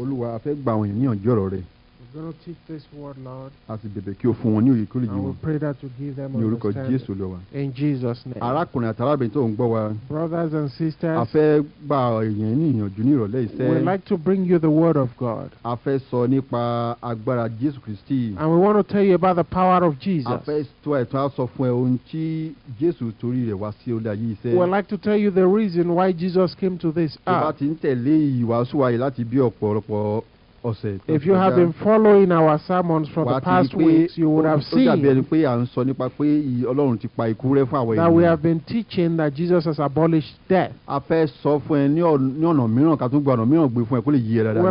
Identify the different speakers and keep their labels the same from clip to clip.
Speaker 1: olúwa a fẹ́ gbà wọ̀nyí ní ọjọ́ rẹ̀ We're going to teach this word, Lord. And we pray that you give them understanding. In Jesus' name. tó Brothers and sisters, fẹ́ gba ìrọ̀lẹ́ we'd like to bring you the word of God. And we want to tell you about the power of Jesus. tó iṣẹ́ We'd like to tell you the reason why Jesus came to this tó earth if you have been following our sermons from the past weeks you would have seen. that we have been teaching that Jesus has abolished death. we would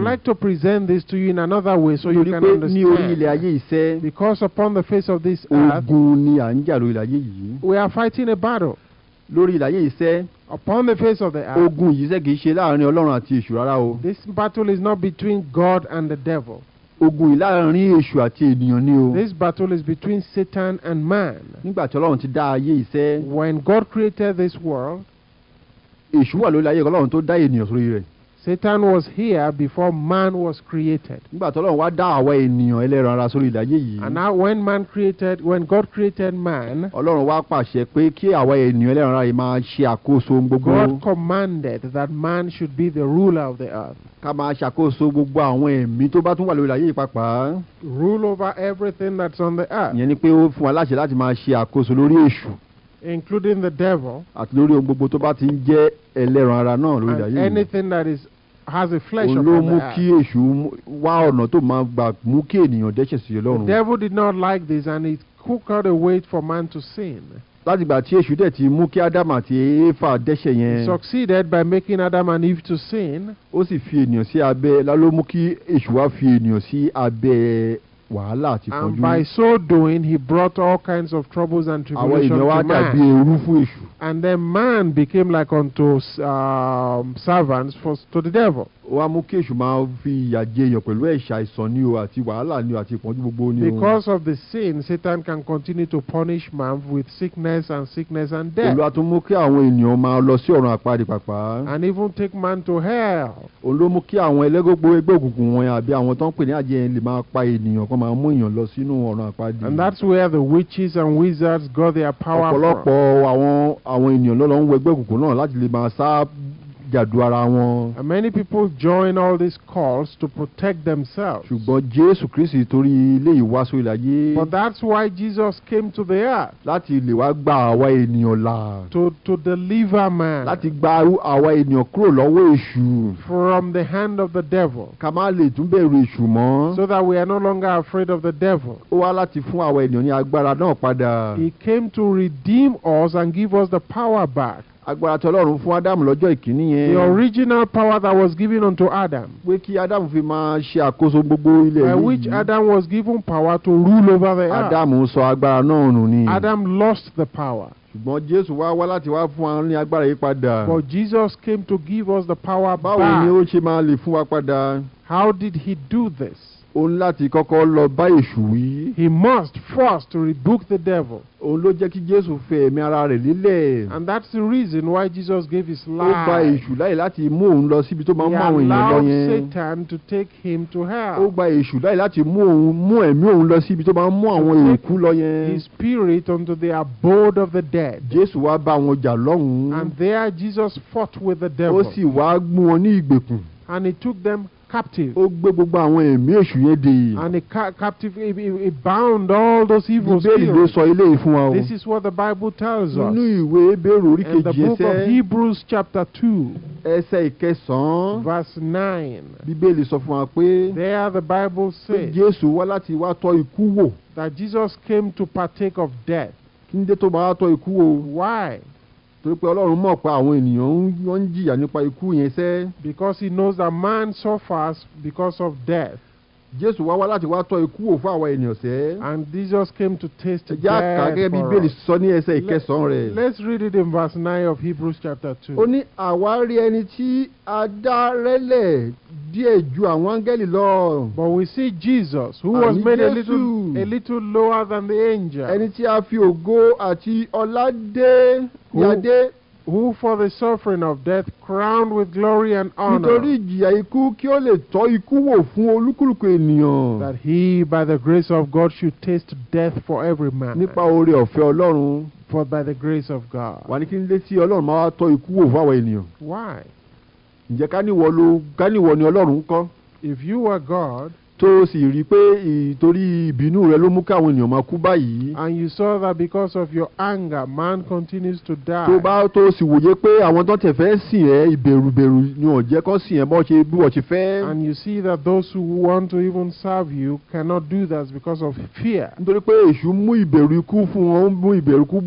Speaker 1: like to present this to you in another way so you can understand. because upon the face of this earth. we are fighting a battle upon the face of the earth. ogun yìí ṣe ṣe láàrin ọlọ́run àti èṣù rárá o. this battle is not between God and the devil. ogun yìí láàrin èṣù àti ènìyàn ni o. this battle is between Satan and man. nígbà tí ọlọ́run ti dá ayé iṣẹ́. when God created this world. èṣù wà lórí ayé ọlọ́run tó dá ènìyàn sórí rẹ̀. Satan was here before man was created. nígbà wá dá ènìyàn ẹlẹ́ran ara sórí yìí. and now when man created when God created man. Ọlọ́run wá pàṣẹ pé kí ènìyàn ẹlẹ́ran ara yìí máa ṣe àkóso gbogbo. God commanded that man should be the ruler of the earth. ká máa ṣàkóso gbogbo àwọn ẹ̀mí tó bá tún wà lórí yìí rule over everything that's on the earth. ìyẹn ni pé ó fún wa láṣẹ láti máa ṣe àkóso lórí èṣù. including the devil. àti lórí ohun gbogbo tó bá ti ń jẹ́ ẹlẹ́ran ara náà lórí yìí. and anything that is has a flesh upon the earth. the devil did not like this and it cooked out a way for man to sin. he succeeded by making adam and eve to sin wàhálà and by so doing he brought all kinds of troubles and tribulations to man. àwọn wá dàbí èṣù. and then man became like unto um, servants for, to the devil wàá mú kí èṣù máa fi ìyà jẹ èèyàn pẹ̀lú ẹ̀ṣẹ̀ àìsàn ni o àti wàhálà ni o àti ìpọ́njú gbogbo ni o. because of the sin Satan can continue to punish man with sickness and sickness and death. Olúwa tún mú kí àwọn ènìyàn máa lọ sí ọ̀run àpáàdì pàpà. and even take man to hell. òun ló mú kí àwọn ẹlẹ́gbẹ́gbẹ́ ẹgbẹ́ òkùnkùn wọn àbí àwọn tó ń pè ní àjẹ́ yẹn lè máa pa ènìyàn kan máa mú èèyàn lọ sínú ọ̀run àpáàdì. and that's where the witches and wizards got their power from. ọ̀pọ̀lọpọ̀ jàdù ara wọn. and many people join all these calls to protect themselves. ṣùgbọ́n Jésù Kristi torí ilé ìwàásù ìlàyé. but that's why Jesus came to the earth. láti lè wá gba àwa ènìyàn là. to to deliver man. láti gba àwa ènìyàn kúrò lọ́wọ́ èṣù. from the hand of the devil. ká má lè tún bẹ̀rù èṣù mọ́. so that we are no longer afraid of the devil. ó wá láti fún àwa ènìyàn ní agbára náà padà. he came to redeem us and give us the power back agbára tí ọlọ́run fún ádámù lọ́jọ́ ìkíní yẹn. the original power that was given unto Adam. pé kí ádámù fi máa ṣe àkóso gbogbo ilẹ̀ yìí. by which Adam was given power to rule over the earth. ádámù sọ agbára náà nù ni. Adam lost the power. ṣùgbọ́n jésù wá wá láti wá fún wa ní agbára yìí padà. but Jesus came to give us the power back. báwo ni ó ṣe máa lè fún wa padà. how did he do this? òun láti kọ́kọ́ lọ bá èṣù wí. he must first rebuke the devil. òun ló jẹ́ kí Jésù fẹ́ ẹ̀mí ara rẹ̀ lílẹ̀. and that's the reason why Jesus gave his life. ó gba èṣù láyè láti mú òun lọ síbi tó máa ń mú àwọn èèyàn lọ yẹn. he allowed Satan to take him to hell. ó gba èṣù láyè láti mú òun mú ẹ̀mí òun lọ síbi tó máa ń mú àwọn lọ yẹn. his spirit unto the abode of the dead. Jésù wá jà lọ́hùn-ún. and there Jesus fought with the devil. ó sì wá gbún wọn ní ìgbèkùn. and he took them captive. ó gbé gbogbo àwọn ẹ̀mí èṣù yẹn dè. and he ca captive he, he, he bound all those evils. ló sọ fún wa o. this is what the bible tells us. nínú ìwé ẹsẹ̀. in the book of hebrews chapter two. ẹsẹ̀ ìkẹsàn-án. verse nine. bíbélì sọ fún wa pé. there the bible says. pé jésù wá láti wá tọ́ ikú wò. that jesus came to partake of death. kí dé tó bá wá tọ́ ikú wò. why? ọlọ́run mọ̀ pé àwọn ènìyàn ń jìyà nípa ikú yẹn sẹ́. because he knows that man suffers because of death. Jésù wá wá láti wá tọ́ ikú àwọn ènìyàn sẹ́. And Jesus came to taste death for us. gẹ́gẹ́ Bíbélì sọ ìkẹsàn-án rẹ̀. Let's read it in verse nine of Hebrews chapter two. Ó ní àwa rí ẹni tí a dá rẹ́lẹ̀ díẹ̀ ju àwọn áńgẹ́lì lọ. But we see Jesus who was made a little, a little lower than the angels. Ẹni tí a fi ògo àti ọlá dé who for the suffering of death crowned with glory and honor. that he by the grace of God should taste death for every man. nípa for by the grace of God. why if you were God tó sì rí i pé ìtorí ìbínú rẹ ló mú káwọn ènìyàn máa kú báyìí. and you saw that because of your anger man continues to die. tó bá tó sì wòye pé àwọn tó tẹ̀ fẹ́ sìn ẹ́ ìbẹ̀rùbẹ̀rù ni wọ́n jẹ́ kó sìn ẹ́ bó ṣe bí wọ́n ṣe fẹ́. and you see that those who want to even serve you cannot do that because of fear. nítorí pé èṣù mú ìbẹ̀rù ikú fún wọn mú ìbẹ̀rù ikú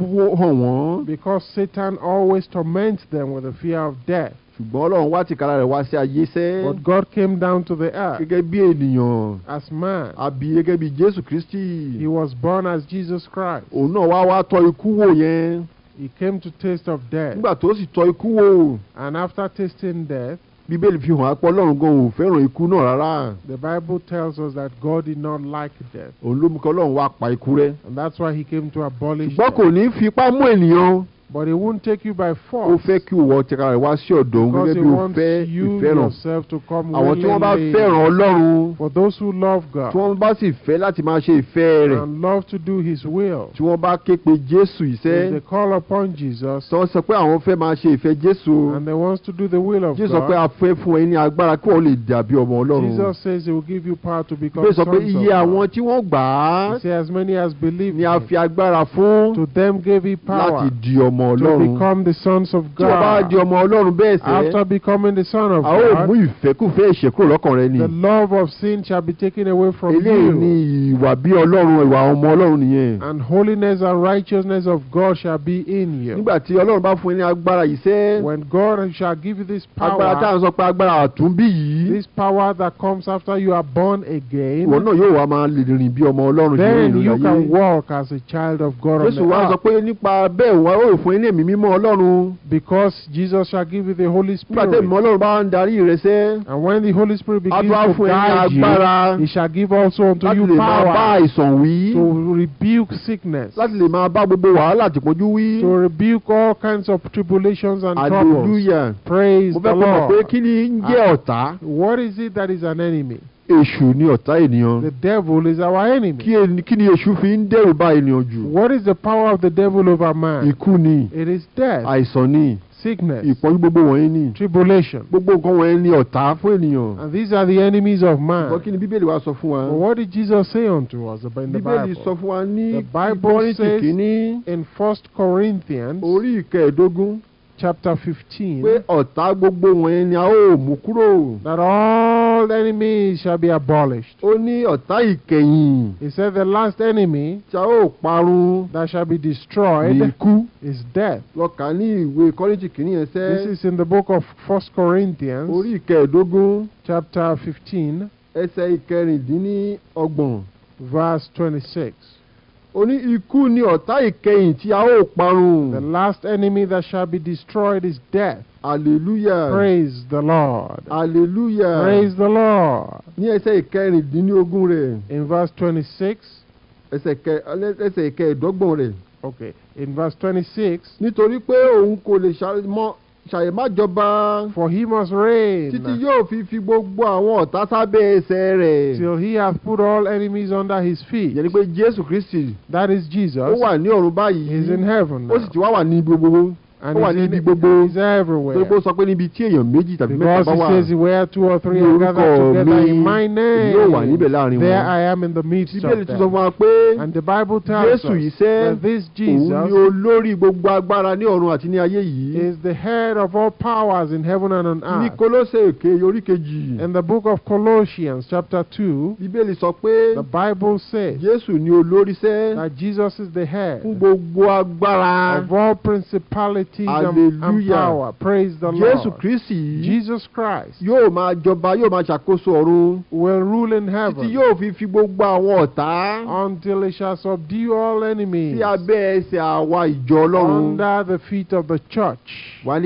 Speaker 1: hàn wọ́n. because Satan always torments them with the fear of death ṣùgbọ́n ọlọ́run wá tìkára rẹ̀ wá sí ayé sẹ́. but God came down to the earth. gẹ́gẹ́ bí ènìyàn. as man. àbí gẹ́gẹ́ bí Jésù Kristi. he was born as Jesus Christ. òun náà wá wá tọ́ ikú wò yẹn. he came to taste of death. nígbà tó sì tọ́ ikú wò. and after tasting death. Bíbélì fi hàn Ọlọ́run gan ò fẹ́ràn ikú náà rárá. The Bible tells us that God did not like death. Òun ló mú kí Ọlọ́run wá pa ikú rẹ́. And that's why he came to abolish Ṣùgbọ́n kò ní fipá mú ènìyàn. But it won't take you by force. Ó fẹ́ kí ìwọ tira rẹ̀ wá sí ọ̀dọ̀ òun gẹ́gẹ́ bí Because he wants you ìfẹ́ràn. wa si For those who love God. And love to do his will. Tí They call upon Jesus. sọ And they want to do the will of Jesus God. Jesus says he will give you power to become sons of God. sọ He says as many as believe. Ni a To them gave he power. Láti di ọmọ ọlọ́run. to become the sons of God. tí o bá di ọmọ ọlọ́run bẹ́ẹ̀ sẹ́. after becoming the son of God. a ó mú ìṣekúrò lọ́kàn rẹ ni. the love of sin shall be taken away from you. eléyìí ni ìwà bí ọlọ́run ìwà ọmọ ọlọ́run nìyẹn. and holiness and righteousness of God shall be in you. nígbà tí ọlọ́run bá fún agbára yìí sẹ́. when God shall give you this power. agbára tá ń sọ pé àtúnbí yìí. this power that comes after you are born again. ìwọ náà yóò wá máa lè rìn bí ọmọ ọlọ́run. then you can walk as a child of God on the earth fún yín ní ẹ̀mí mímọ́ ọlọ́run. because Jesus shall give you the holy spirit. nígbà tí ẹ̀mí ọlọ́run bá ń darí ìrẹsẹ́. and when the holy spirit begins to guide you he shall give also unto you power. láti lè máa bá àìsàn wí. to rebuke sickness. láti lè máa bá gbogbo wàhálà wí. to rebuke all kinds of tribulations and Alleluia. troubles. hallelujah praise the lord. mo fẹ́ kọ́ mọ̀ pé kí ni ń jẹ́ ọ̀tá. what is it that is an enemy? èṣù ni ọ̀tá ènìyàn. the devil is our enemy. kí ni kí ni fi ń dẹ́rù bà ènìyàn jù. what is the power of the devil over man? ikú ni. it is death. àìsàn ni. sickness. ìpọ́njú gbogbo wọ̀nyí ni. tribulation. gbogbo nǹkan wọ̀nyí ni ọ̀tá fún ènìyàn. and these are the enemies of man. ṣùgbọ́n kí ni bíbélì wa sọ fún wa. but what did Jesus say unto us in the Bible? bíbélì sọ fún wa ní. the Bible says in First Corinthians. orí ìkẹẹ̀dógún chapter fifteen. that all enemies shall be abolished. ó he said the last enemy. that shall be destroyed. is death. this is in the book of first corinthians. chapter fifteen. verse twenty-six ọ̀tá ìkẹyìn tí a ó parun. the last enemy that shall be destroyed is death. Hallelujah. Praise the Lord. Hallelujah. Praise the Lord. Ní ẹsẹ̀ ìkẹrìndínlógún rẹ̀. In verse twenty-six. Ẹsẹ̀ ìkẹrìndọ́gbọ̀n rẹ̀. Okay, in verse twenty-six. Nítorí pé òun kò lè ṣàmọ́ ṣàyẹ̀májọba. for he must reign. títí yóò fi fi gbogbo àwọn ọ̀tá sábẹ́ ẹsẹ̀ rẹ̀. till he has put all enemies under his feet. yẹ́nni pé Jésù Kristi. that is Jesus. ó wà ní ọ̀run báyìí. he is in heaven now. ó sì ti wá wà ní gbogbo. He's everywhere. níbi gbogbo gbogbo sọ pé níbi tí èèyàn méjì tàbí mẹ́ta bá wà orúkọ mi yóò wà níbẹ̀ láàrin wọn síbẹ̀ lè tún sọ fún wa pé Jésù yìí sẹ́ òun ni olórí gbogbo agbára ní ọ̀run àti ní in the book of Colossians chapter two the Bible says "Yes, ni olórí that Jesus is the head of all principalities authority and power. Praise the Jesus Lord. Jésù Jesus Christ. Yo ma jọba yóò máa Will rule in heaven. Títí fi fi Until he shall subdue all enemies. abẹ́ àwa Under the feet of the church. whats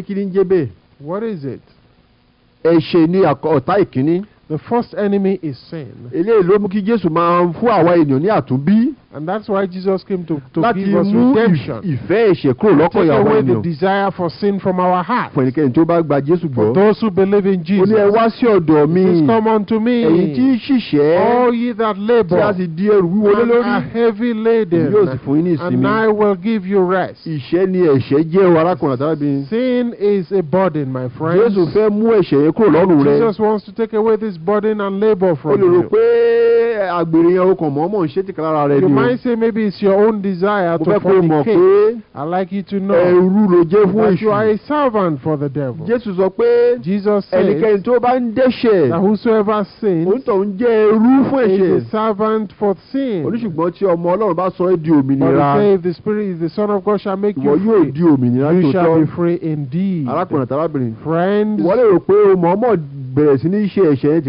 Speaker 1: it The first enemy is sin. Eléyìí ló mú kí Jésù máa fún àwa ènìyàn ní àtúnbí. And that's why Jesus came to to give us redemption. Láti mú ìfẹ́ ẹ̀ṣẹ̀ kúrò lọ́kàn ìyàwó ènìyàn. Take away the desire for sin from our hearts. Fún ẹnikẹ́ni tó bá gba Jésù gbọ́. For those who believe in Jesus. Ó ní ẹ wá sí ọ̀dọ̀ mi. Please come unto me. Ẹ̀yin tí ń ṣiṣẹ́. All ye that labour. Tí a sì di ẹrù wíwo lórí. And are heavy laden. Yóò sì fún yín ní ìsinmi. And I will give you rest. Ìṣẹ́ ni ẹ̀ṣẹ̀ jẹ́ o arákùnrin àtàlábìnrin. Sin is a burden my friends. Jésù fẹ́ mú ẹ̀ṣẹ̀ yẹn kúrò lọ́rùn rẹ. Jesus wants to take away this burden and labor from you. o pé àgbèrè yẹn o kàn mọ̀ọ́mọ̀ ń ṣe tìkà lára rẹ ni o. you might say maybe it's your own desire to fornicate. I like you to know ẹrú ló jẹ́ fún èṣù. that you are a servant for the devil. Jésù sọ pé ẹnikẹ́ni tó bá ń dẹ́ṣẹ̀. that whosoever sins. òun ń jẹ́ ẹrú fún ẹ̀ṣẹ̀. is a servant for sin. oníṣùgbọ́n tí ọmọ Ọlọ́run bá sọ ẹ́ di òmìnira. but he say if the spirit is the son of God shall make you free. ìwọ yóò di òmìnira tòótọ́. you shall be free indeed. arákùnrin àtàlábìnrin. friends. ìwọ lè rò pé o mọ̀ọ́mọ̀ bẹ̀rẹ̀ sí ní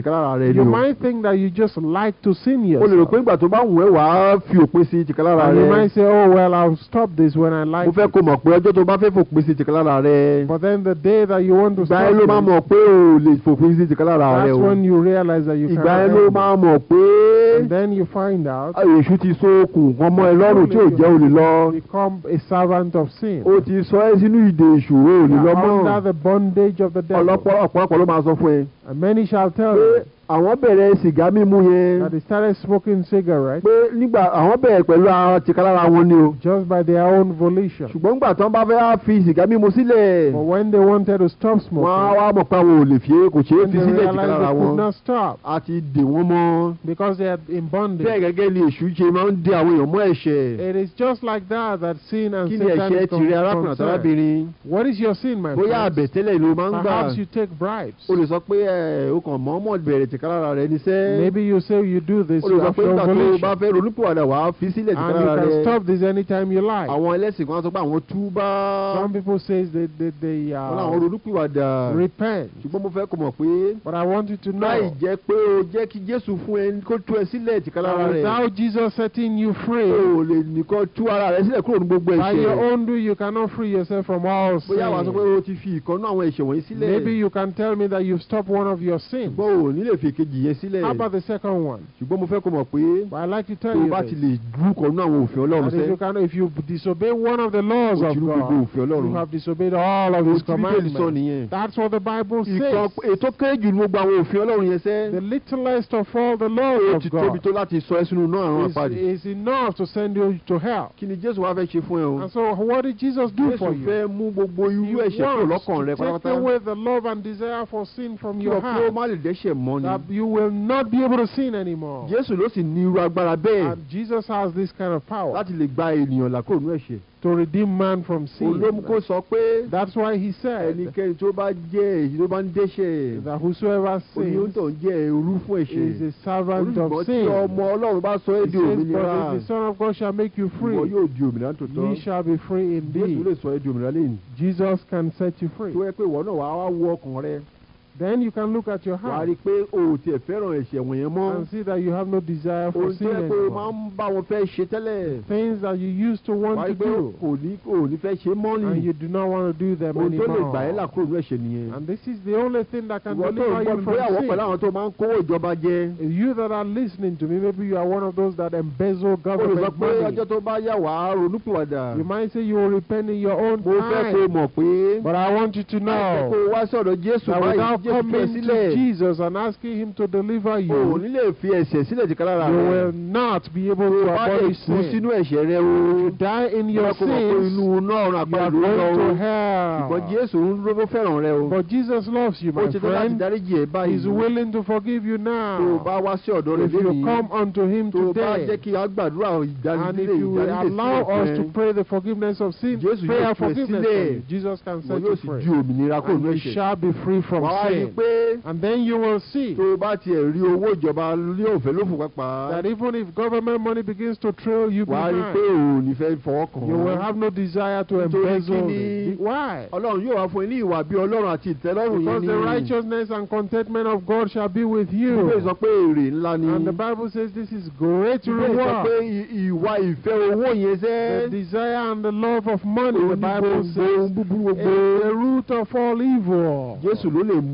Speaker 1: tìkálára rẹ ni o. you might think that you just like to sin yourself. o lè rò pé ìgbà tó bá wù ẹ́ fi òpin sí tìkálára rẹ. and you might say oh well I'll stop this when I like it. mo fẹ́ kó mọ̀ pé ọjọ́ tó bá fẹ́ fòpin sí tìkálára rẹ. but then the day that you want to stop it. ìgbà yẹn ló máa mọ̀ pé o lè fòpin sí tìkálára rẹ o. that's when you realize that you can't help it. ìgbà yẹn ló máa mọ̀ pé and then you find out. èṣù ah, ti so okùn kan mọ́ ẹ lọ́rùn tí ò jẹ́ olè lọ. become a servant of sin. o ti sọ ẹ sínú ìdè ìṣòro olè lọ under the bondage of the devil. ọ̀pọ̀lọpọ̀ ọ̀pọ̀lọpọ̀ máa sọ fún ẹ. and many shall tell you. àwọn bẹ̀rẹ̀ sìgá mímu yẹn. that they started smoking cigarettes. pé nígbà àwọn bẹ̀rẹ̀ pẹ̀lú àwọn tìkálára wọn ni o. just by their own volition. ṣùgbọ́n nígbà tán bá fẹ́ fi sìgá mímu sílẹ̀. but when they wanted to stop smoking. wọ́n á wá mọ̀ pé àwọn ò lè fi kò ṣeé fi sílẹ̀ tìkálára wọn. when they realized they could not stop. a dè wọ́n mọ́. because they had been bonded. bẹ́ẹ̀ gẹ́gẹ́ ni èṣù ṣe máa ń dè àwọn èèyàn mọ́ ẹ̀ṣẹ̀. it is just like that that sin and Kini Satan is what is your sin my friend? bóyá àbẹ̀tẹ́lẹ̀ ló máa ń gbà. perhaps you take bribes rẹ maybe you say you do this you have your volition. olùsọ nígbà tó o bá fẹ́ ronúpìwàdà wàá fi sílẹ̀ tìkára rẹ. and you can stop this anytime you like. àwọn ẹlẹ́sìn kan some people say they they they. Uh, wọ́n láwọn repent. ṣùgbọ́n mo fẹ́ kó mọ̀ pé. but I want you to know. láì jẹ́ pé o jẹ́ kí Jésù fún ẹ kó tú ẹ sílẹ̀ rẹ. without Jesus setting you free. o lè nìkan tú ara rẹ sílẹ̀ kúrò ní gbogbo ẹ̀ṣẹ̀. by your own do you cannot free yourself from all sin. bóyá wàá sọ pé o ti fi ìkànnú àwọn ẹ̀ṣẹ̀ wọ̀nyí sílẹ̀. maybe you can tell me that you've stopped one of your sins. bó o fi èkejì yẹn sílẹ̀. how about the second one. ṣùgbọ́n mo fẹ́ kó mọ̀ pé. but I like to tell you this. tó o bá ti lè dúkọ̀ nínú àwọn òfin Ọlọ́run sẹ́. and if you can if you disobey one of the laws of God. òtún gbogbo òfin Ọlọ́run. you have disobeyed all of his commandments. òtún bíbélì sọ nìyẹn. that's what the Bible says. ìkan ètò kéré jù gbogbo àwọn òfin Ọlọ́run yẹn sẹ́. the littlest of all the laws of God. o ti tóbi tó láti sọ ẹ́ sínú náà àrùn àpárí. is enough to send you to hell. kí ni Jésù wá fẹ́ ṣe fún ẹ o. and so what did Jesus do for you? Jésù fẹ́ mú gbogbo irú ẹ̀ṣẹ̀ kúrò lọ́kàn rẹ pátápátá. he wants to take away the love and desire for sin from your heart. kí o má lè dẹ́ṣẹ̀ mọ́ that mm. you will not be able to sin anymore. Jésù ló sì ní irú agbára bẹ́ẹ̀. And Jesus has this kind of power. Láti lè gba ènìyàn là ẹ̀ṣẹ̀. To redeem man from sin. sọ pé. That's why he said. Ẹnikẹ́ni tó bá jẹ́ èyí tó bá ń dẹ́ṣẹ̀. That whosoever sins. Oní oúntọ̀ ń jẹ́ ẹrú fún ẹ̀ṣẹ̀. Is a servant of sin. Olùgbọ́n tí ọmọ Ọlọ́run bá sọ é òmìnira. He says but the son of God shall make you free. He yóò di òmìnira tó tọ́. shall be free indeed. Jésù lè sọ é òmìnira lẹ́yìn. Jesus can set you free. Tó yẹ pé náà wá wo rẹ then you can look at your heart. wàá rí i pé o ò tiẹ̀ fẹ́ràn ẹ̀ṣẹ̀ mọ́. and see that you have no desire for sin anymore. o jẹ́ pé o máa ń bá wọn fẹ́ ṣe tẹ́lẹ̀. things that you used to want to do. ní ní fẹ́ ṣe mọ́ ni. and you do not want to do them anymore. o tó lè gbà ẹ́ là kúrò ní ẹ̀ṣẹ̀ nìyẹn. and this is the only thing that can deliver you from sin. tó ń gbọ́ bóyá pẹ̀lú àwọn tó máa ń kówó ìjọba jẹ. you that are listening to me maybe you are one of those that embezzle government money. pé ọjọ́ tó bá yà you might say you will repent in your own time. but I want you to know coming to Jesus and asking him to deliver you, you will not be able to abolish sin. If you die in your sins, you are going to hell. But Jesus loves you, my friend. He's willing to forgive you now. If you come unto him today, and if you allow us to pray the forgiveness of sin, prayer forgiveness, Jesus can set you free. And you shall be free from sin and then you will see. that even if government money begins to trail you behind. you will have no desire to embezzle. why. because the righteousness and contentment of God shall be with you. and the bible says this is great reward. the desire and the love of money the bible says is the root of all evil.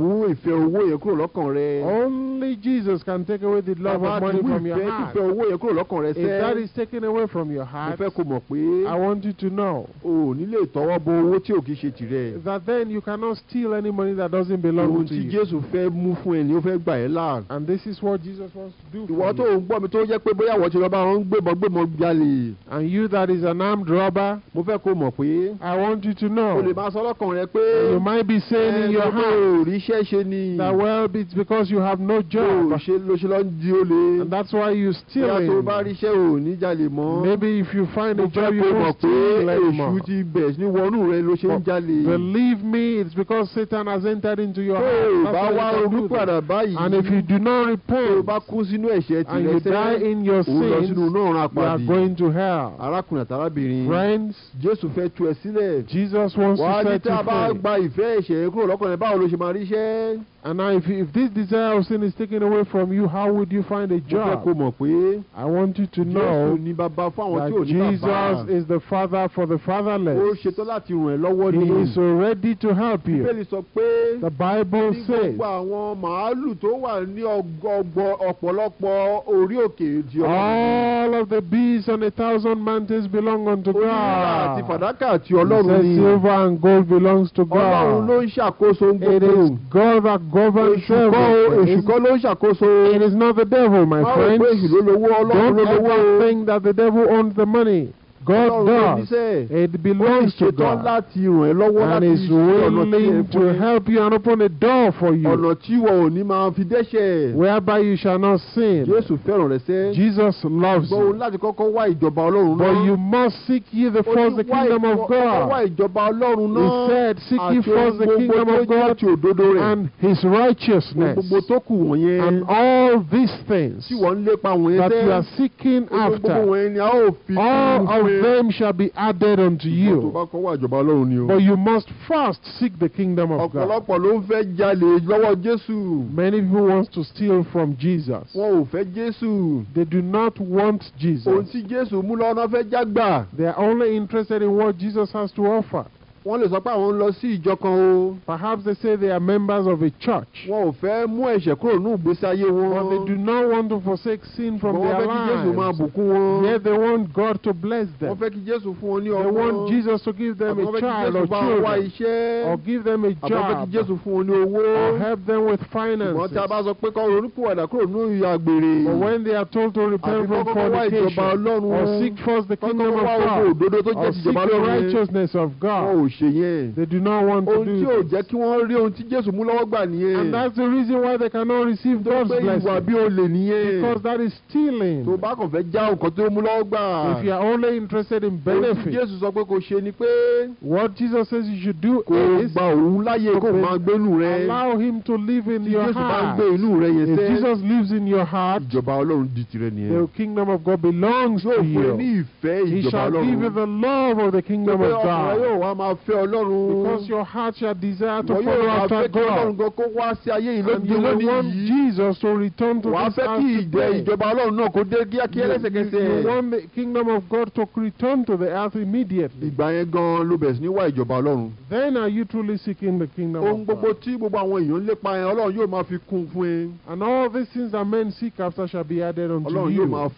Speaker 1: mú ìfẹ́ owó yẹn kúrò lọ́kàn rẹ. only Jesus can take away the love of money from your heart. ìfẹ́ owó yẹn kúrò lọ́kàn rẹ sẹ́. if that is taken away from your heart. mo fẹ́ kó mọ̀ pé. I want you to know. o ò ní bọ owó tí ò kì ṣe tirẹ̀. that then you cannot steal any money that doesn't belong to you. ohun tí Jésù fẹ́ mú fún ẹ ni ó fẹ́ gbà ẹ́ là. and this is what Jesus wants to do for you. ìwọ tó ń gbọ́ mi tó jẹ́ pé bóyá àwọn ti lọ bá wọn gbébọn gbébọn jalè. and you that is an armed robber. mo fẹ́ kó mọ̀ pé. I want you to know. o you might be saying in your heart. ẹ ṣe ni. that well it's because you have no job. o ṣe ló ṣe lọ ń di olè. and that's why you steal it. yàtọ̀ bá rí iṣẹ́ ò ní jalè mọ́. maybe if you find a job you go steal less more. mo fẹ́ kó mọ̀ pé èṣù ti bẹ̀ ní wọnú rẹ ló ṣe ń jalè. believe me it's because Satan has entered into your heart. o bá wá ronú padà báyìí. and if you do not repent. o bá kú sínú ẹ̀ṣẹ̀ tirẹ̀ sẹ́yìn. and you die in your sins. o lọ sínú náà rán apá di. you are going to hell. arákùnrin àtàrábìnrin. friends. Jésù fẹ́ tu ẹ sílẹ̀. Jesus wants to set you free. wàá ní tí a bá gba ìfẹ́ ẹ̀ṣẹ̀ kúrò lọ́kàn rẹ báwo ló ṣe máa ríṣẹ́. and now if, if this desire of sin is taken away from you how would you find a job. I want you to know. that Jesus is the father for the fatherless. he is ready to help you. the bible says. all of the beasts and a thousand mountains belong unto God. olùwà silver and gold belongs to God. it is God. God that governs the go èṣùkọ́ ló ń it is not the devil my friend. lówó. don't ever think that the devil owns the money. God does. It belongs to God. And is willing to help you and open a door for you. Whereby you shall not sin. Jesus loves you. But you must seek ye the first the kingdom of God. He said, Seek ye first the kingdom of God and his righteousness. And all these things that you are seeking after. All of name shall be added unto you. But you must first seek the kingdom of God. Many people want to steal from Jesus. They do not want Jesus. They are only interested in what Jesus has to offer wọ́n lè sọ pé àwọn ń lọ sí ìjọ kan o. perhaps they say they are members of a church. wọn ò fẹ́ mú ẹ̀ṣẹ̀ kúrò ní ìgbésí ayé wọn. but they do not want to forsake sin from their lives. wọ́n fẹ́ kí Jésù máa bùkún wọn. yet they want God to bless them. wọ́n fẹ́ kí Jésù fún wọn ní ọmọ. they want Jesus to give them a child or children. or give them a job. kí Jésù fún wọn ní owó. or help them with finances. ṣùgbọ́n tí a bá sọ pé kọ́ ronúpìwàdà kúrò ní but when they are told to repent from fornication or seek first the kingdom of God or seek the righteousness of God ṣe yẹn. they do not want to do it. ohun tí ò jẹ́ kí wọ́n rí ohun tí Jésù mú lọ́wọ́ gbà nìyẹn. and that's the reason why they cannot receive God's blessing. tó pé ìwà bí olè nìyẹn. because that is stealing. tó bá kàn fẹ́ já nǹkan tó mú lọ́wọ́ gbà. if you are only interested in benefit. ohun tí Jésù sọ pé kò ṣe ni pé. what Jesus says you should do is. kò gba òun láyè kó máa rẹ. allow him to live in your heart. gbé inú rẹ yẹn sẹ́. if Jesus lives in your heart. ìjọba Ọlọ́run di tirẹ̀ nìyẹn. the kingdom of God belongs to you. yóò fún ẹ ní ìfẹ́ ìjọba Ọlọ́run. he shall give you the love of the kingdom of God. fẹ́ Ọlọ́run. because your heart shall desire to follow after God. wọ́n yóò fẹ́ kí Ọlọ́run gan kó wá sí ayé yìí lónìí lónìí. and you want Jesus to return to this earth today. wàá fẹ́ kí ìjẹ ìjọba Ọlọ́run náà kó dé kíákíá lẹ́sẹ̀kẹsẹ̀. you want the kingdom of God to return to the earth immediately. ìgbà yẹn gan ló bẹ̀rẹ̀ sí ní wá ìjọba Ọlọ́run. then are you truly seeking the kingdom of God. ohun gbogbo tí gbogbo àwọn èèyàn lépa yẹn Ọlọ́run yóò máa fi kún fún ẹ. and all these things that men seek after shall be added unto you. Ọlọ́run yóò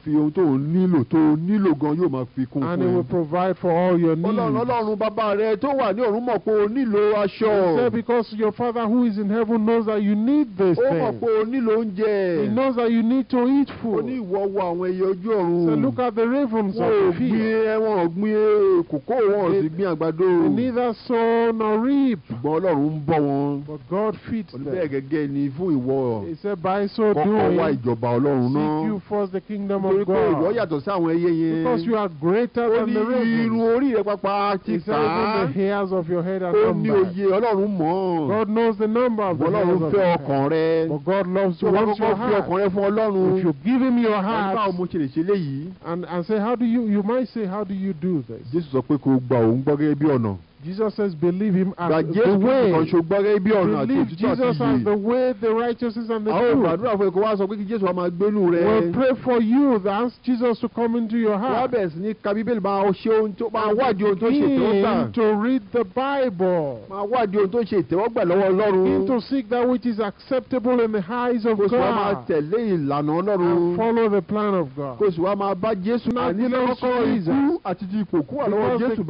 Speaker 1: and he will provide for all your needs. tó wà ní ọ̀run mọ̀ pé o nílò aṣọ. he said because your father who is in heaven knows that you need this thing. ó mọ̀ pé o nílò oúnjẹ. he knows that you need to eat food. ó ní ìwọ wo àwọn ẹyẹ ojú ọ̀run. so look at the ravens of the field. wọ́n ò gbin wọn gbin kòkó wọn ò sì gbin àgbàdo. neither sow nor reap. ṣùgbọ́n Ọlọ́run ń bọ́ wọn. but God feeds them. olùbẹ́ gẹ́gẹ́ ni fún ìwọ. he said by so doing. kọ́kọ́ wá ìjọba Ọlọ́run náà. seek you first the kingdom of God. torí pé ìwọ yàtọ̀ sí àwọn ẹyẹ yẹn. because you are greater than the ravens. ó ní irun orí rẹ pàpà ti he said even the hairs of your head are numbered. ó ní òye ọlọ́run mọ̀. God knows the number of the hairs of your head. ọlọ́run fẹ́ ọkàn rẹ. but God loves you once your heart. ọlọ́run fi ọkàn rẹ fún ọlọ́run. if you give him your heart. báwo mo ṣe lè ṣe léyìí. and and say how do you you might say how do you do this. Jésù sọ pé kò gba òun gbọ́ gẹ́gẹ́ bí ọ̀nà. Jesus says, believe him as the way. Believe Jesus as the way, the righteousness, and the truth. We'll pray for you that ask Jesus to come into your heart. Begin to read the Bible. Begin to seek that which is acceptable in the eyes of God. And follow the plan of God. Not less the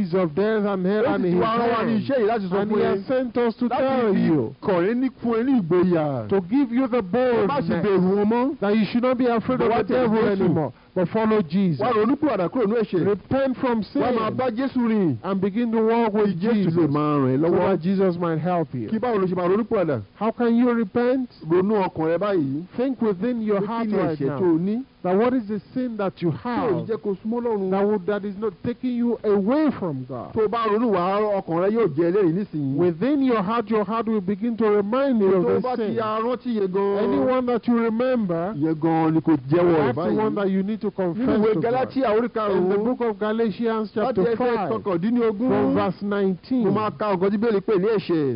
Speaker 1: keys of death and Amen. Ó sì tún arán wa ní iṣẹ́ yìí láti sọ fún yín. And he has sent us to tell you. Láti kọ̀rẹ́ ní fún ẹ ní ìgboyà. To give you the boldness. Má ṣe bẹ̀rù wọn mọ́. That you should not be afraid of the devil anymore. but follow Jesus. repent from sin. and begin to walk with Jesus. Jésù so that Jesus might help you. how can you repent? think within your heart right now. that what is the sin that you have. tó that would that is not taking you away from God. within your heart your heart will begin to remind you of the sin. anyone that you remember. that's the one that you need to to confess to God. In the book of Galatians chapter 5 from verse 19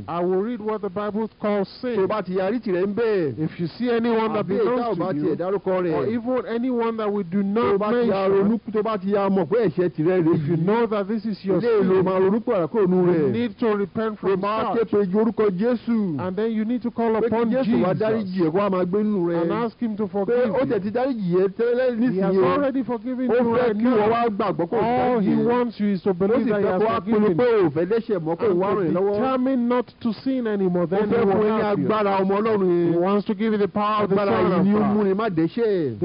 Speaker 1: I will read what the Bible calls sin. If you see anyone that belongs to you or even anyone that we do not mention if you know that this is your sin you need to repent from start and then you need to call upon Jesus and ask him to forgive you. He has o ó fẹ́ kí wọ́n wá gbàgbọ́ kó fẹ́ kí o ó sì fẹ́ kó wá pinnu pé o fẹ́ lẹ́sẹ̀ mọ́ kó wá rìn lọ́wọ́ ó fẹ́ fún yín agbára ọmọ ọlọ́run yẹn agbára yìí ni ó múni má dẹ́ṣẹ̀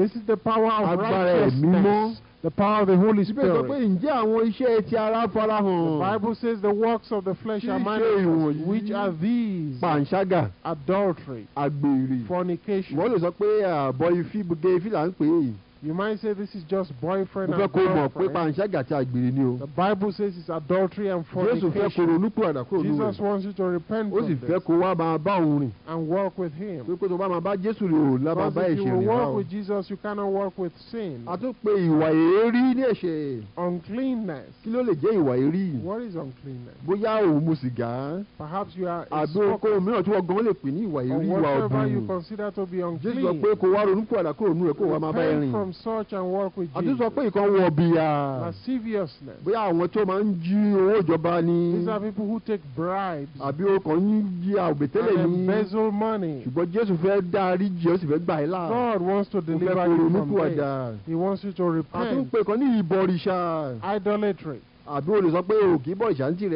Speaker 1: agbára ẹ̀ mímọ́. The power of the Holy Spirit. Bíbélì sọ pé ǹjẹ́ àwọn iṣẹ́ ti ara farahàn. The Bible says the works of the flesh are manifest which are these. Adultery. Fornication. Wọ́n lè sọ pé àbọ̀ ifi gbogbo ifi là ń You might say this is just boyfriend and girlfriend. The Bible says it's adultery and fornication. Jesus wants you to repent from this and work with him. Because if you work with Jesus, you cannot work with sin. Uncleanness. What is uncleanness? Perhaps you are a smoker or whatever you consider to be unclean. from search and work with Jesus. àti sọ pé ìkan wọ bìyà. lasciviousness. bóyá àwọn tí máa ń jí owó ìjọba ni. these are people who take bribes. àbí o kàn jí àbètélè ni. and embezzle money. ṣùgbọ́n Jésù fẹ́ dárí jì ó sì fẹ́ gbà ẹ́ là. God wants to deliver you from this. He wants you to repent. àti ń pè ní ìbọ̀rìṣà. idolatry àbí o sọ pé o kì í bọ ìṣántì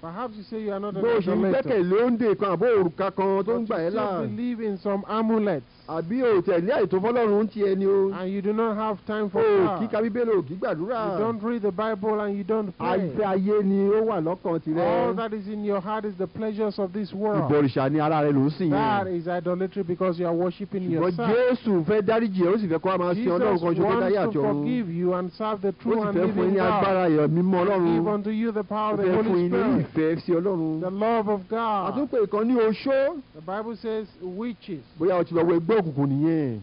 Speaker 1: perhaps you say you are not an idolater. bó o ṣe ń gbẹ́kẹ̀lé oúnde kan àbó òrùka kan tó ń gbà ẹ́ là. but you still believe in some amulets. àbí o tẹ̀ fọlọ́run ti ẹni o. and you do not have time for prayer. o kíka bíbélì o kì í gbàdúrà. you don't read the bible and you don't pray. àìsí ayé ni ó wà lọ́kàn tirẹ̀. all that is in your heart is the pleasures of this world. ìbọ̀rìṣà ni ara rẹ ló ń sìn that is idolatry because you are worshiping yourself. ṣùgbọ́n Jésù fẹ́ dáríjì ẹ̀ ó sì fẹ́ kó a máa sin ọlọ́run kan dáyé àti ọ̀run. Jesus wants to forgive you and serve the true and living God. ó sì fẹ́ fún yín ní agbára mímọ́ ọlọ́run. give unto you the power of the Holy Spirit. ó fẹ́ fún yín ní ìfẹ́ sí ọlọ́run. the love of God. àtúnpè the bible says witches òkùnkùn nìyẹn.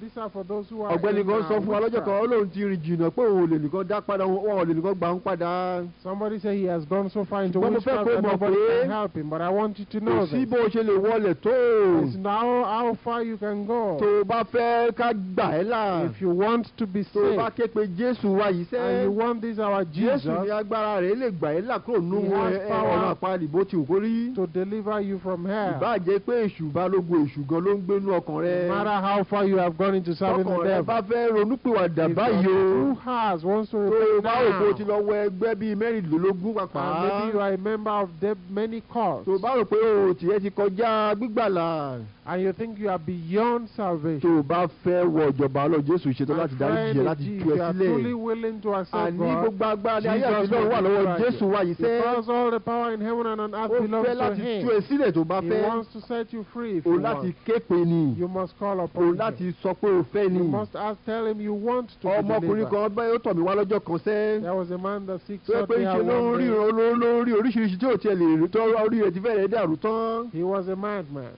Speaker 1: these are for those who are. ọ̀gbẹ́ni kan sọ fún wa lọ́jọ́ kan ti rìn jìnnà pé òun ò lè nìkan dá padà ò lè nìkan gbà ń padà. somebody say he has gone so far into witchcraft that nobody can help him but I want you to know that. kò ṣe lè wọlé tó. it's now how far you can go. tó o bá fẹ́ ká gbà ẹ́ là. if you want to be saved. tó o bá ké pe Jésù wa yìí sẹ́. and you want this our Jesus. Jésù ní agbára rẹ̀ lè gbà ẹ́ là kúrò ti ò kórí. to deliver you from hell. ìbá jẹ́ pé èṣù èṣù gan ló ń gbénú ọkàn rẹ. no matter how far you have gone into serving the devil. ọkàn rẹ bá fẹ́ ronúpìwàdà báyìí o. who has one story right now. tó o bá rò ti lọ ẹgbẹ́ bíi mẹ́rìndínlógún pàpà. Ah, maybe you are a member of many cults. tó o bá rò pé o ti kọjá gbígbàlà. and you think you are beyond salvation. tó o bá fẹ́ wọ ìjọba ọlọ́ Jésù ṣetán láti dárí láti tú ẹ sílẹ̀. my friend you are truly willing to accept God. àní gbogbo agbára ní ayé àti náà wà lọ́wọ́ Jésù wáyé sẹ́. because all the power in heaven and on earth belongs to him. he wants to set you free if you want. you must call upon him. láti sọ pé o fẹ́ ni. you must ask tell him you want to oh, be the neighbor. ọmọkùnrin kan ọgbẹ́ yóò tọ̀ mí wá lọ́jọ́ kan sẹ́. there was a man that sick so they had one pé ṣe ló ń rí olórí oríṣiríṣi tí ò tiẹ̀ lè rí tọ́ orí rẹ̀ ti fẹ́rẹ̀ dàrú tán. he was a mad man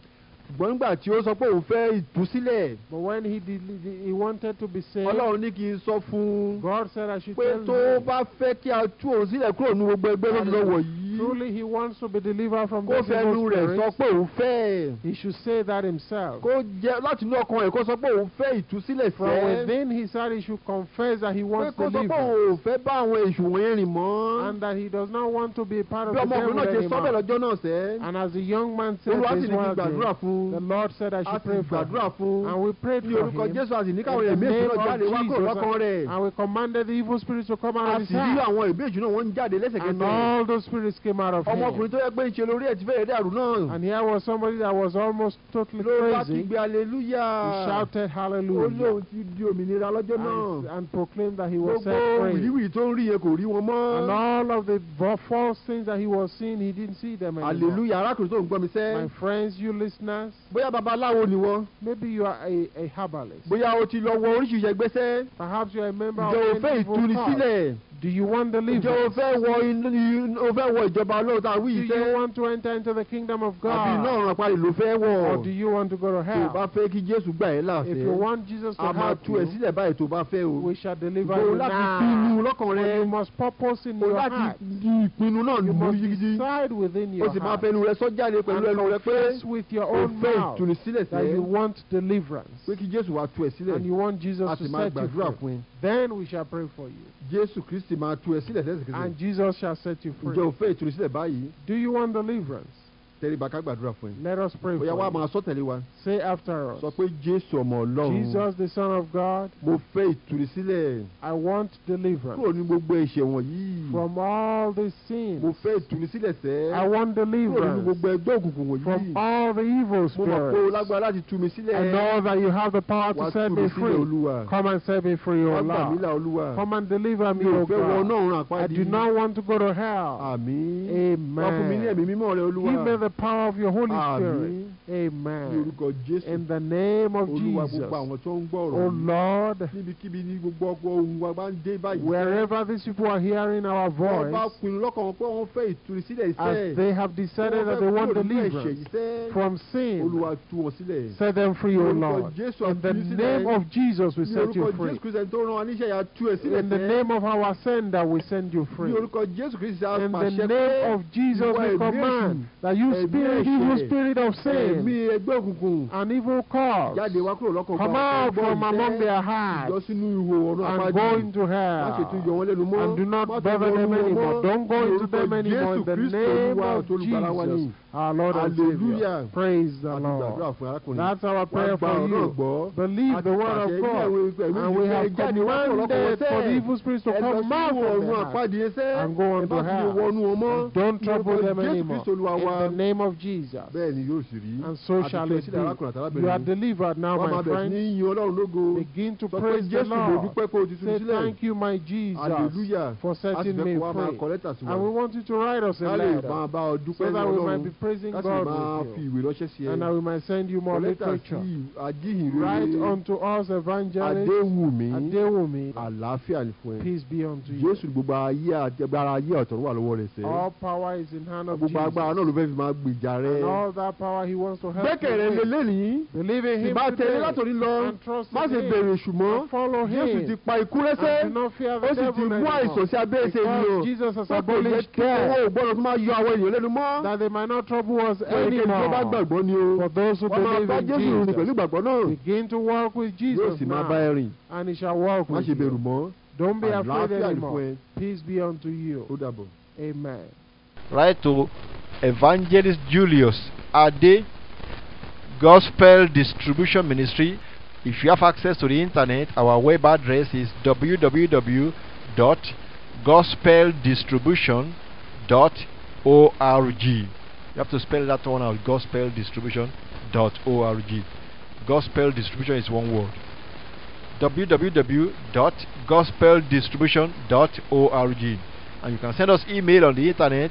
Speaker 1: ṣùgbọ́n nígbà tí ó sọ pé òun fẹ́ ìtúsílẹ̀. but when he did he wanted to be saved. ọlọ́run ní kí n sọ fún God said I should pé tó bá fẹ́ kí a tú òun sílẹ̀ kúrò ní gbogbo ẹgbẹ́ ti lọ wọ̀nyí. truly he wants to be delivered from the spirit. kó rẹ̀ sọ pé òun fẹ́. he should say that himself. kó jẹ́ láti inú ọkàn rẹ̀ kó sọ pé òun fẹ́ ìtúsílẹ̀ from within he said he should confess that he wants deliverance. pé kó sọ pé òun fẹ́ bá àwọn èṣù wọ̀nyẹn rìn mọ́. and that he does not want to be a part of the devil anymore. bí ọmọkùnrin náà lọ́jọ́ náà sẹ́. and as the young man said this olùwàsí ni kí gbàdúrà fún the lord said i should pray for him. and we prayed for him. ní orúkọ jésù a sì and we commanded the evil spirits to come out of his heart. and all those spirits came out of him. and here was somebody that was almost totally crazy. hallelujah. he shouted hallelujah. ó and proclaimed that he was set free. and all of the false things that he was seeing he didn't see them anymore. my friends you listeners. perhaps. bóyá babaláwo ni wọ́n. maybe you are a a herbalist. bóyá o ti lọ wọ oríṣiríṣi ẹgbẹ́sẹ́. perhaps you are a member of many people. ìjọ òfé ìtúnisílẹ̀. Do you want the living? Do you want to enter into the kingdom of God? Or do you want to go to hell? If you want Jesus to help you. We shall deliver you now. O You must purpose in your heart. You must decide within your heart. O sì And confess with your own mouth. That you want deliverance. And you want Jesus to set you free. Then we shall pray for you. Jesus Christ sì máa tú ẹ sílẹ̀ lẹ́sẹ̀kẹsẹ̀. and Jesus shall set you free. ǹjẹ́ o fẹ́ báyìí. do you want deliverance? tẹ́ríba ká gbàdúrà fún yín. let us pray for you. òyàwó àmọ́ sọ tẹ̀lé wa. say after us. sọ pé Jésù ọmọ Ọlọ́run. Jesus the son of God. mo fẹ́ ìtúrísílẹ̀. I want deliverance. kúrò ní gbogbo ẹ̀ṣẹ̀ wọ̀nyí. from all the sins. mo fẹ́ ìtúrísílẹ̀ sẹ́. I want deliverance. kúrò ní gbogbo ẹgbẹ́ òkùnkùn wọ̀nyí. from all the evil spirits. mo mọ̀ pé o lágbára láti tú mi sílẹ̀. I know that you have the power to set me free. come and set me free o Lord. come and deliver me o God. I do not want to go to hell. amen. wà fún mi ní the power of your Holy Spirit. Amen. In the name of Jesus. Oh Lord, wherever these people are hearing our voice, as they have decided that they want deliverance from sin, set them free, O oh Lord. In the name of Jesus, we set you free. In the name of our sender, we send you free. In the name of Jesus, we command that you ẹ̀mí ẹ̀ṣẹ̀ evil spirit of sin and evil cause come out from among their hearts and go into hell and do not bother them anymore don't go into them anymore in the name of Jesus our Lord and Savior praise the Lord that's our prayer for you believe the word of God and we have commanded for the evil spirits to come out from their hearts and go unto hell don't trouble them anymore in the name name of Jesus. and so shall it be. you are delivered now my friend. begin to praise the Lord. say thank you my Jesus. for setting me free. and we want you to write us a letter. so that we might be praising God with you. and that we might send you more literature. write unto us evangelist. Adéwùmí. Adéwùmí. Àlàáfíà ni Peace be unto you. All power is in hand of Jesus. gbèjà rẹ. and all that power he wants to help you with. gbẹ́kẹ̀lé lélẹ́yìn. him ìbá tẹ̀lé látòrí lọ. and trust him. má ṣe bèrè ṣùgbọ́n. and follow him. Jésù ti pa ikú rẹ́sẹ́. and not fear the devil anymore. ó sì ti mú àìsàn sí abẹ́ ẹsẹ̀ yìí o. because Jesus has care. owó ògbọ́dọ̀ tó máa yọ àwọn èèyàn lẹ́nu mọ́. that they might not trouble us anymore. bá gbàgbọ́ ni o. for those who believe in Jesus. wọ́n máa bá Jésù rìn pẹ̀lú ìgbàgbọ́ náà. begin to walk with Jesus now. yóò sì máa bá ẹ rìn. and shall walk with you. má ṣe bẹ̀rù mọ́. Don't be afraid anymore. Peace be unto you. Amen. Right to Evangelist Julius Ade Gospel Distribution Ministry. If you have access to the internet, our web address is www.gospeldistribution.org. You have to spell that one out gospeldistribution.org. Gospel distribution is one word www.gospeldistribution.org and you can send us email on the internet